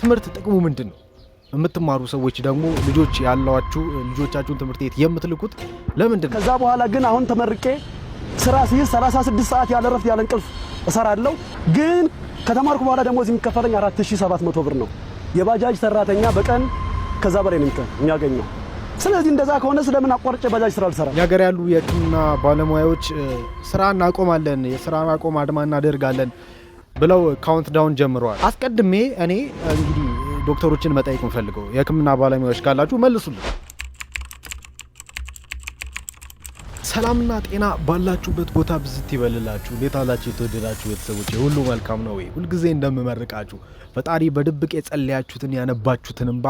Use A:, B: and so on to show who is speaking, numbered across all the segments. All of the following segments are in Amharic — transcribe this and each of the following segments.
A: ትምህርት ጥቅሙ ምንድን ነው? የምትማሩ ሰዎች ደግሞ ልጆች ያሏችሁ ልጆቻችሁን ትምህርት ቤት የምትልኩት ለምንድን
B: ነው? ከዛ በኋላ ግን አሁን ተመርቄ ስራ ሲይዝ 36 ሰዓት ያለ እረፍት ያለ እንቅልፍ እሰራለሁ። ግን ከተማርኩ በኋላ ደግሞ እዚህ የሚከፈለኝ 4700 ብር ነው። የባጃጅ ሰራተኛ በቀን ከዛ በላይ ነው የሚያገኘው። ስለዚህ እንደዛ ከሆነ ስለምን አቋርጬ ባጃጅ ስራ አልሰራ?
A: የሀገር ያሉ የሕክምና ባለሙያዎች ስራ እናቆማለን፣ የስራ ማቆም አድማ እናደርጋለን ብለው ካውንት ዳውን ጀምረዋል። አስቀድሜ እኔ እንግዲህ ዶክተሮችን መጠየቅ የምፈልገው የህክምና ባለሙያዎች ካላችሁ መልሱልን። ሰላምና ጤና ባላችሁበት ቦታ ብዝት ይበልላችሁ። እንዴት አላችሁ? የተወደዳችሁ ቤተሰቦች ሁሉ መልካም ነው ወይ? ሁልጊዜ እንደምመርቃችሁ ፈጣሪ በድብቅ የጸለያችሁትን ያነባችሁትን እንባ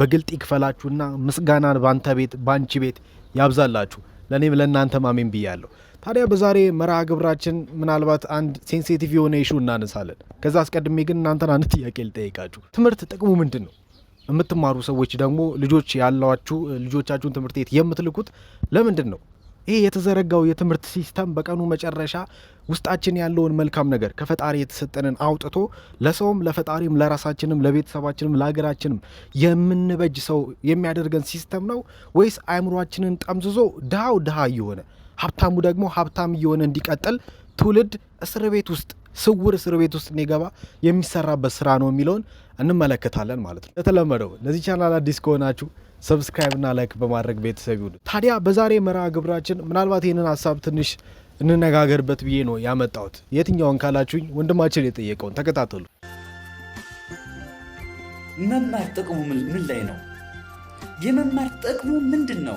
A: በግልጥ ይክፈላችሁና ምስጋናን በአንተ ቤት በአንቺ ቤት ያብዛላችሁ። ለእኔም ለእናንተ ማሜን ብያለሁ። ታዲያ በዛሬ መርሃ ግብራችን ምናልባት አንድ ሴንሲቲቭ የሆነ ይሹ እናነሳለን። ከዛ አስቀድሜ ግን እናንተን አንድ ጥያቄ ልጠይቃችሁ። ትምህርት ጥቅሙ ምንድን ነው? የምትማሩ ሰዎች ደግሞ ልጆች ያላችሁ ልጆቻችሁን ትምህርት ቤት የምትልኩት ለምንድን ነው? ይሄ የተዘረጋው የትምህርት ሲስተም በቀኑ መጨረሻ ውስጣችን ያለውን መልካም ነገር ከፈጣሪ የተሰጠንን አውጥቶ ለሰውም ለፈጣሪም ለራሳችንም ለቤተሰባችንም ለሀገራችንም የምንበጅ ሰው የሚያደርገን ሲስተም ነው ወይስ አእምሯችንን ጠምዝዞ ድሃው ድሃ እየሆነ ሀብታሙ ደግሞ ሀብታም እየሆነ እንዲቀጥል ትውልድ እስር ቤት ውስጥ ስውር እስር ቤት ውስጥ እንዲገባ የሚሰራበት ስራ ነው የሚለውን እንመለከታለን ማለት ነው። እንደተለመደው ለዚህ ቻናል አዲስ ከሆናችሁ ሰብስክራይብ እና ላይክ በማድረግ ቤተሰብ ይሁኑ። ታዲያ በዛሬ መርሃ ግብራችን ምናልባት ይህንን ሀሳብ ትንሽ እንነጋገርበት ብዬ ነው ያመጣሁት። የትኛውን ካላችሁኝ ወንድማችን የጠየቀውን ተከታተሉ።
C: መማር ጥቅሙ ምን ላይ ነው? የመማር ጥቅሙ ምንድን ነው?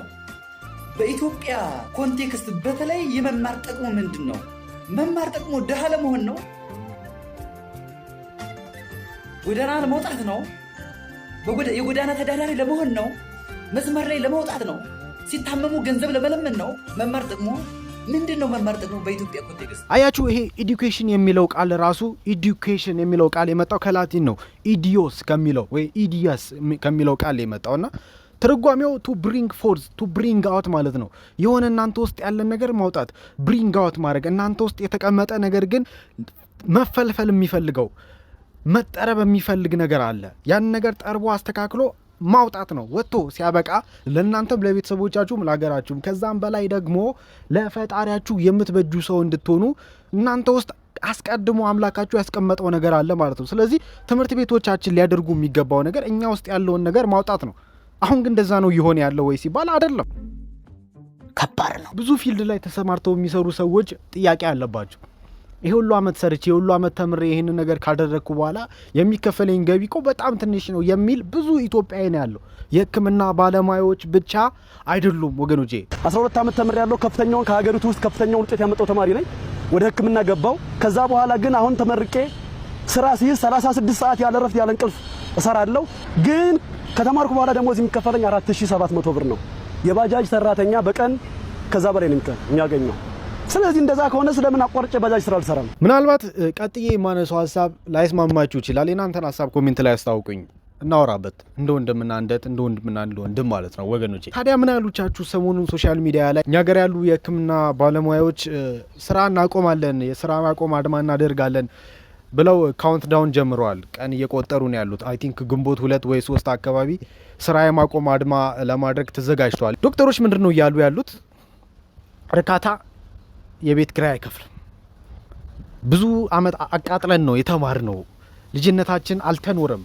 C: በኢትዮጵያ ኮንቴክስት በተለይ የመማር ጥቅሙ ምንድን ነው? መማር ጥቅሙ ድሃ ለመሆን ነው? ጎዳና ለመውጣት ነው? የጎዳና ተዳዳሪ ለመሆን ነው? መስመር ላይ ለመውጣት ነው? ሲታመሙ ገንዘብ ለመለመን ነው? መማር ጥቅሙ ምንድን ነው? መማር ጥቅሙ በኢትዮጵያ ኮንቴክስት
A: አያችሁ። ይሄ ኢዲኬሽን የሚለው ቃል ራሱ ኢዲኬሽን የሚለው ቃል የመጣው ከላቲን ነው። ኢዲዮስ ከሚለው ወይ ኢዲያስ ከሚለው ቃል የመጣውና ትርጓሜው ቱ ብሪንግ ፎርዝ ቱ ብሪንግ አውት ማለት ነው። የሆነ እናንተ ውስጥ ያለን ነገር ማውጣት፣ ብሪንግ አውት ማድረግ፣ እናንተ ውስጥ የተቀመጠ ነገር ግን መፈልፈል የሚፈልገው መጠረብ የሚፈልግ ነገር አለ። ያን ነገር ጠርቦ አስተካክሎ ማውጣት ነው። ወጥቶ ሲያበቃ ለእናንተም ለቤተሰቦቻችሁም ለሀገራችሁም ከዛም በላይ ደግሞ ለፈጣሪያችሁ የምትበጁ ሰው እንድትሆኑ እናንተ ውስጥ አስቀድሞ አምላካችሁ ያስቀመጠው ነገር አለ ማለት ነው። ስለዚህ ትምህርት ቤቶቻችን ሊያደርጉ የሚገባው ነገር እኛ ውስጥ ያለውን ነገር ማውጣት ነው። አሁን ግን እንደዛ ነው እየሆነ ያለው ወይ ሲባል አይደለም፣ ከባድ ነው። ብዙ ፊልድ ላይ ተሰማርተው የሚሰሩ ሰዎች ጥያቄ አለባቸው። ይሄ ሁሉ አመት ሰርቼ የሁሉ አመት ተምሬ ይህን ነገር ካደረግኩ በኋላ የሚከፈለኝ ገቢ እኮ በጣም ትንሽ ነው የሚል ብዙ ኢትዮጵያዊ ነው ያለው። የሕክምና ባለሙያዎች ብቻ አይደሉም ወገኖቼ።
B: 12 ዓመት ተምሬ ያለው ከፍተኛውን ከሀገሪቱ ውስጥ ከፍተኛውን ውጤት ያመጣው ተማሪ ነኝ። ወደ ሕክምና ገባው። ከዛ በኋላ ግን አሁን ተመርቄ ስራ ሲይዝ 36 ሰዓት ያለ እረፍት ያለ እንቅልፍ እሰራለሁ ግን ከተማርኩ በኋላ ደግሞ እዚህ የሚከፈለኝ 4700 ብር ነው። የባጃጅ ሰራተኛ በቀን ከዛ በላይ ነው የሚያገኘው። ስለዚህ እንደዛ ከሆነ ስለምን አቋርጬ ባጃጅ ስራ አልሰራም?
A: ምናልባት ቀጥዬ የማነሳው ሀሳብ ላይስማማችሁ ይችላል። የናንተን ሀሳብ ኮሜንት ላይ አስታውቁኝ፣ እናወራበት እንደ ወንድምና እንደት እንደ ወንድምና እንደ ወንድም ማለት ነው ወገኖቼ። ታዲያ ምን ያሉቻችሁ ሰሞኑን ሶሻል ሚዲያ ላይ እኛ ገር ያሉ የህክምና ባለሙያዎች ስራ እናቆማለን፣ የስራ ማቆም አድማ እናደርጋለን ብለው ካውንት ዳውን ጀምረዋል። ቀን እየቆጠሩ ነው ያሉት። አይ ቲንክ ግንቦት ሁለት ወይ ሶስት አካባቢ ስራ የማቆም አድማ ለማድረግ ተዘጋጅተዋል። ዶክተሮች ምንድን ነው እያሉ ያሉት? እርካታ የቤት ግራ አይከፍልም። ብዙ አመት አቃጥለን ነው የተማር ነው ልጅነታችን አልተኖረም።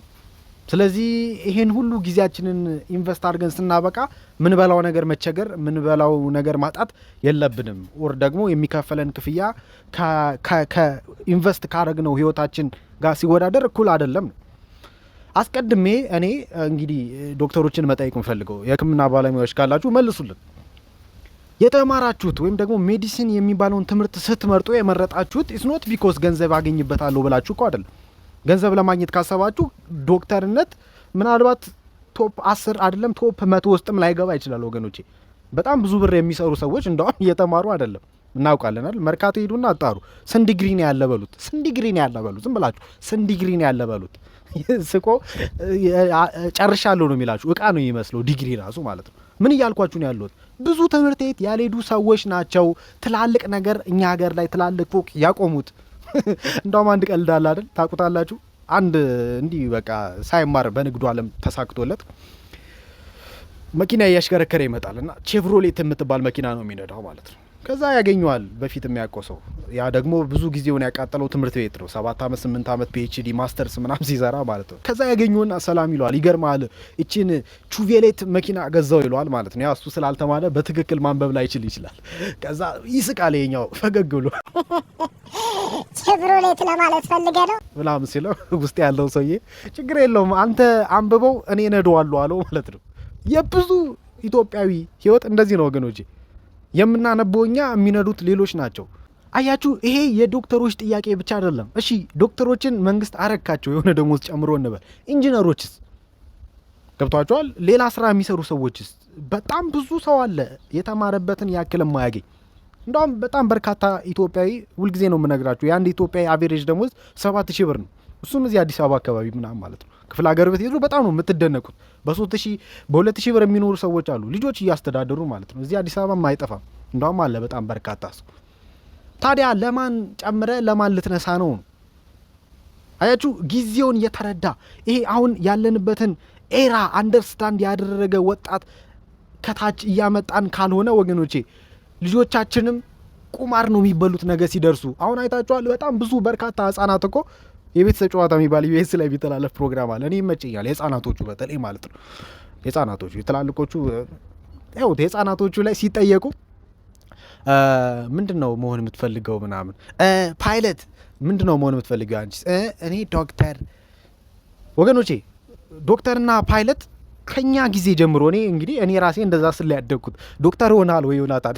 A: ስለዚህ ይሄን ሁሉ ጊዜያችንን ኢንቨስት አድርገን ስናበቃ ምንበላው ነገር መቸገር፣ ምንበላው ነገር ማጣት የለብንም። ኦር ደግሞ የሚከፈለን ክፍያ ኢንቨስት ካረግነው ህይወታችን ጋር ሲወዳደር እኩል አይደለም ነው። አስቀድሜ እኔ እንግዲህ ዶክተሮችን መጠየቅ ምፈልገው የህክምና ባለሙያዎች ካላችሁ መልሱልን። የተማራችሁት ወይም ደግሞ ሜዲሲን የሚባለውን ትምህርት ስትመርጡ የመረጣችሁት ኢስኖት ቢኮስ ገንዘብ አገኝበታለሁ ብላችሁ እኮ አይደለም ገንዘብ ለማግኘት ካሰባችሁ ዶክተርነት ምናልባት ቶፕ አስር አይደለም ቶፕ መቶ ውስጥም ላይገባ ይችላል ወገኖቼ። በጣም ብዙ ብር የሚሰሩ ሰዎች እንደውም እየተማሩ አይደለም እናውቃለናል። መርካቶ ሄዱና አጣሩ። ስንዲግሪ ነው ያለ በሉት፣ ስን ነው ያለ በሉት፣ ዝም ብላችሁ ስንዲግሪ ነው ያለ በሉት። ስቆ ጨርሻለሁ ነው የሚላችሁ። እቃ ነው የሚመስለው ዲግሪ ራሱ ማለት ነው። ምን እያልኳችሁ ነው ያለሁት? ብዙ ትምህርት ቤት ያልሄዱ ሰዎች ናቸው ትላልቅ ነገር እኛ ሀገር ላይ ትላልቅ ፎቅ ያቆሙት። እንዳውም አንድ ቀልድ አለ አይደል? ታውቁታላችሁ። አንድ እንዲህ በቃ ሳይማር በንግዱ ዓለም ተሳክቶለት መኪና እያሽከረከረ ይመጣል እና ቼቭሮሌት የምትባል መኪና ነው የሚነዳው ማለት ነው ከዛ ያገኘዋል በፊት የሚያቆሰው ሰው። ያ ደግሞ ብዙ ጊዜውን ያቃጠለው ትምህርት ቤት ነው። ሰባት ዓመት ስምንት ዓመት ፒኤችዲ ማስተርስ ምናም ሲሰራ ማለት ነው። ከዛ ያገኘውና ሰላም ይለዋል። ይገርማል እችን ቹቬሌት መኪና ገዛው ይለዋል ማለት ነው። ያ እሱ ስላልተማረ በትክክል ማንበብ ላይችል ይችላል። ከዛ ይስቃል። የኛው ፈገግ ብሎ ቼቭሮሌት ለማለት ፈልገ ነው ምናምን ሲለው ውስጥ ያለው ሰውዬ ችግር የለውም አንተ አንብበው እኔ ነደዋለሁ አለው ማለት ነው። የብዙ ኢትዮጵያዊ ህይወት እንደዚህ ነው ወገኖቼ። የምናነበው እኛ የሚነዱት ሌሎች ናቸው። አያችሁ፣ ይሄ የዶክተሮች ጥያቄ ብቻ አይደለም። እሺ ዶክተሮችን መንግስት አረካቸው የሆነ ደሞዝ ጨምሮ እንበል። ኢንጂነሮችስ ገብቷቸዋል። ሌላ ስራ የሚሰሩ ሰዎችስ በጣም ብዙ ሰው አለ የተማረበትን ያክል የማያገኝ እንደውም በጣም በርካታ ኢትዮጵያዊ፣ ሁልጊዜ ነው የምነግራችሁ የአንድ ኢትዮጵያዊ አቬሬጅ ደሞዝ ሰባት ሺህ ብር ነው። እሱም እዚህ አዲስ አበባ አካባቢ ምናምን ማለት ነው። ክፍለ ሀገር ብትሄዱ በጣም ነው የምትደነቁት። በሶስት ሺህ በሁለት ሺህ ብር የሚኖሩ ሰዎች አሉ ልጆች እያስተዳደሩ ማለት ነው። እዚህ አዲስ አበባ አይጠፋም፣ እንደውም አለ በጣም በርካታ ሰው። ታዲያ ለማን ጨምረ ለማን ልትነሳ ነው? አያችሁ ጊዜውን የተረዳ ይሄ አሁን ያለንበትን ኤራ አንደርስታንድ ያደረገ ወጣት ከታች እያመጣን ካልሆነ ወገኖቼ ልጆቻችንም ቁማር ነው የሚበሉት ነገ ሲደርሱ። አሁን አይታችኋል። በጣም ብዙ በርካታ ህጻናት እኮ የቤተሰብ ጨዋታ የሚባል ዩኤስ ላይ የሚተላለፍ ፕሮግራም አለ። እኔ ይመቸኛል፣ የህጻናቶቹ በተለይ ማለት ነው። የህጻናቶቹ የትላልቆቹ ያው የህጻናቶቹ ላይ ሲጠየቁ ምንድን ነው መሆን የምትፈልገው ምናምን፣ ፓይለት ምንድን ነው መሆን የምትፈልገው አንቺ? እኔ ዶክተር። ወገኖቼ ዶክተርና ፓይለት ከኛ ጊዜ ጀምሮ እኔ እንግዲህ እኔ ራሴ እንደዛ ስል ያደግኩት ዶክተር ሆናል ወይ ዮናታን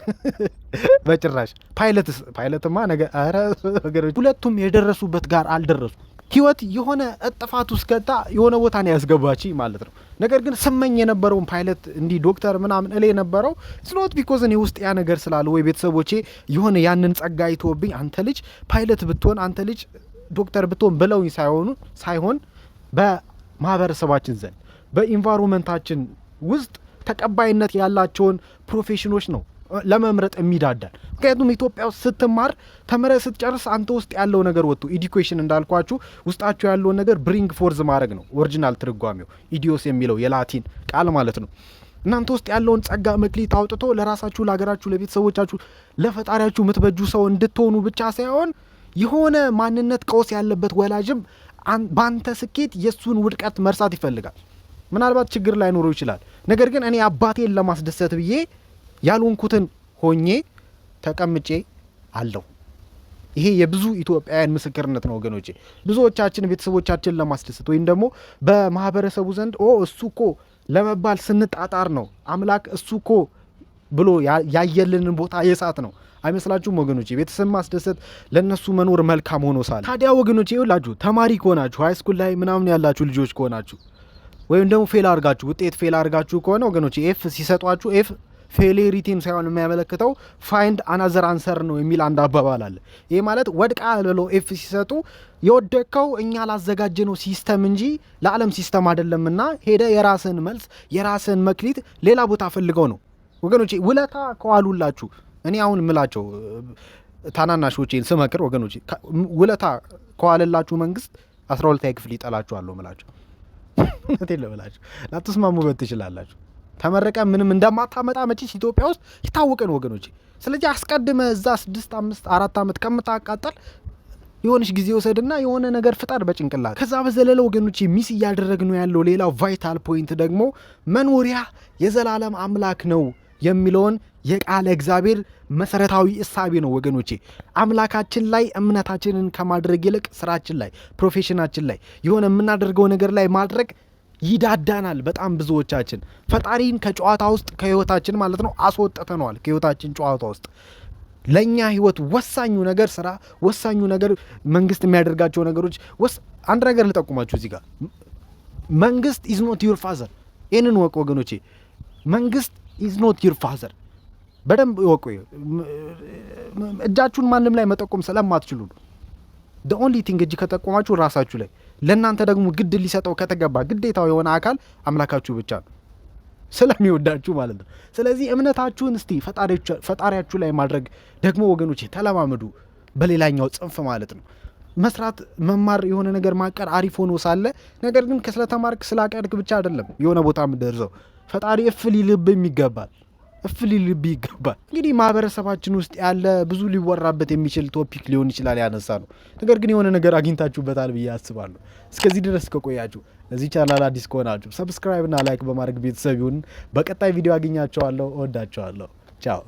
A: በጭራሽ ፓይለትስ ፓይለትማ ነገ ኧረ ሁለቱም የደረሱበት ጋር አልደረሱ ህይወት የሆነ እጥፋት ውስጥ ከታ የሆነ ቦታ ነው ያስገባች ማለት ነው ነገር ግን ስመኝ የነበረውን ፓይለት እንዲህ ዶክተር ምናምን እሌ የነበረው ስኖት ቢኮዝ እኔ ውስጥ ያ ነገር ስላለ ወይ ቤተሰቦቼ የሆነ ያንን ጸጋ አይተውብኝ አንተ ልጅ ፓይለት ብትሆን አንተ ልጅ ዶክተር ብትሆን ብለውኝ ሳይሆኑ ሳይሆን በማህበረሰባችን ዘንድ በኢንቫይሮንመንታችን ውስጥ ተቀባይነት ያላቸውን ፕሮፌሽኖች ነው ለመምረጥ የሚዳዳል። ምክንያቱም ኢትዮጵያ ውስጥ ስትማር ተምረ ስትጨርስ አንተ ውስጥ ያለው ነገር ወጥቶ ኢዲኩዌሽን እንዳልኳችሁ ውስጣችሁ ያለውን ነገር ብሪንግ ፎርዝ ማድረግ ነው ኦሪጂናል ትርጓሜው ኢዲዮስ የሚለው የላቲን ቃል ማለት ነው። እናንተ ውስጥ ያለውን ጸጋ መክሊት አውጥቶ ለራሳችሁ፣ ለሀገራችሁ፣ ለቤተሰቦቻችሁ፣ ለፈጣሪያችሁ የምትበጁ ሰው እንድትሆኑ ብቻ ሳይሆን የሆነ ማንነት ቀውስ ያለበት ወላጅም በአንተ ስኬት የእሱን ውድቀት መርሳት ይፈልጋል። ምናልባት ችግር ላይኖረው ይችላል። ነገር ግን እኔ አባቴን ለማስደሰት ብዬ ያልሆንኩትን ሆኜ ተቀምጬ አለሁ። ይሄ የብዙ ኢትዮጵያውያን ምስክርነት ነው ወገኖቼ። ብዙዎቻችን ቤተሰቦቻችን ለማስደሰት ወይም ደግሞ በማህበረሰቡ ዘንድ ኦ እሱ እኮ ለመባል ስንጣጣር ነው አምላክ እሱ እኮ ብሎ ያየልንን ቦታ የሳት ነው አይመስላችሁም ወገኖቼ? ቤተሰብ ማስደሰት ለእነሱ መኖር መልካም ሆኖ ሳለ ታዲያ ወገኖቼ ይውላችሁ ተማሪ ከሆናችሁ ሃይስኩል ላይ ምናምን ያላችሁ ልጆች ከሆናችሁ ወይም ደግሞ ፌል አድርጋችሁ ውጤት ፌል አድርጋችሁ ከሆነ ወገኖች ኤፍ ሲሰጧችሁ ኤፍ ፌሌሪቲን ሳይሆን የሚያመለክተው ፋይንድ አናዘር አንሰር ነው የሚል አንድ አባባል አለ። ይህ ማለት ወድቃ ብለው ኤፍ ሲሰጡ የወደቅከው እኛ ላዘጋጀነው ሲስተም እንጂ ለዓለም ሲስተም አይደለምና ሄደ የራስን መልስ የራስን መክሊት ሌላ ቦታ ፈልገው ነው ወገኖቼ። ውለታ ከዋሉላችሁ እኔ አሁን ምላቸው ታናናሾቼን ስመክር ወገኖቼ፣ ውለታ ከዋለላችሁ መንግስት አስራ ሁለተኛ ክፍል ይጠላችኋለሁ ምላቸው እውነቴን ልበላችሁ ላትስማሙበት ትችላላችሁ። ተመረቀ ምንም እንደማታመጣ መጪስ ኢትዮጵያ ውስጥ ይታወቀን ወገኖች። ስለዚህ አስቀድመ እዛ ስድስት አምስት አራት ዓመት ከምታቃጠል የሆነች ጊዜ ወሰድና የሆነ ነገር ፍጠር በጭንቅላት። ከዛ በዘለለ ወገኖች ሚስ ነው ያለው ሌላው ቫይታል ፖይንት ደግሞ መኖሪያ የዘላለም አምላክ ነው የሚለውን የቃለ እግዚአብሔር መሰረታዊ እሳቤ ነው ወገኖቼ። አምላካችን ላይ እምነታችንን ከማድረግ ይልቅ ስራችን ላይ፣ ፕሮፌሽናችን ላይ የሆነ የምናደርገው ነገር ላይ ማድረግ ይዳዳናል። በጣም ብዙዎቻችን ፈጣሪን ከጨዋታ ውስጥ ከህይወታችን ማለት ነው አስወጥተነዋል። ከህይወታችን ጨዋታ ውስጥ ለእኛ ህይወት ወሳኙ ነገር ስራ፣ ወሳኙ ነገር መንግስት የሚያደርጋቸው ነገሮች። አንድ ነገር ልጠቁማችሁ እዚህ ጋር መንግስት ኢዝ ኖት ዩር ፋዘር። ይህንን ወቅ ወገኖቼ፣ መንግስት ኢዝ ኖት ዩር ፋዘር በደንብ ወቁ። እጃችሁን ማንም ላይ መጠቆም ስለማትችሉ ኦንሊ ቲንግ እጅ ከጠቆማችሁ ራሳችሁ ላይ ለእናንተ ደግሞ ግድ ሊሰጠው ከተገባ ግዴታው የሆነ አካል አምላካችሁ ብቻ ነው ስለሚወዳችሁ ማለት ነው። ስለዚህ እምነታችሁን እስቲ ፈጣሪያችሁ ላይ ማድረግ ደግሞ ወገኖቼ ተለማመዱ። በሌላኛው ጽንፍ ማለት ነው መስራት መማር የሆነ ነገር ማቀድ አሪፍ ሆኖ ሳለ ነገር ግን ከስለተማርክ ስላቀድክ ብቻ አይደለም የሆነ ቦታ የምደርሰው ፈጣሪ እፍ ሊልብም ይገባል። እፍ ሊልብህ ይገባል። እንግዲህ ማህበረሰባችን ውስጥ ያለ ብዙ ሊወራበት የሚችል ቶፒክ ሊሆን ይችላል ያነሳ ነው። ነገር ግን የሆነ ነገር አግኝታችሁበታል ብዬ አስባለሁ። እስከዚህ ድረስ ከቆያችሁ ለዚህ ቻናል አዲስ ከሆናችሁ ሰብስክራይብና ላይክ በማድረግ ቤተሰብ ይሁን። በቀጣይ ቪዲዮ አገኛቸዋለሁ። እወዳቸዋለሁ። ቻው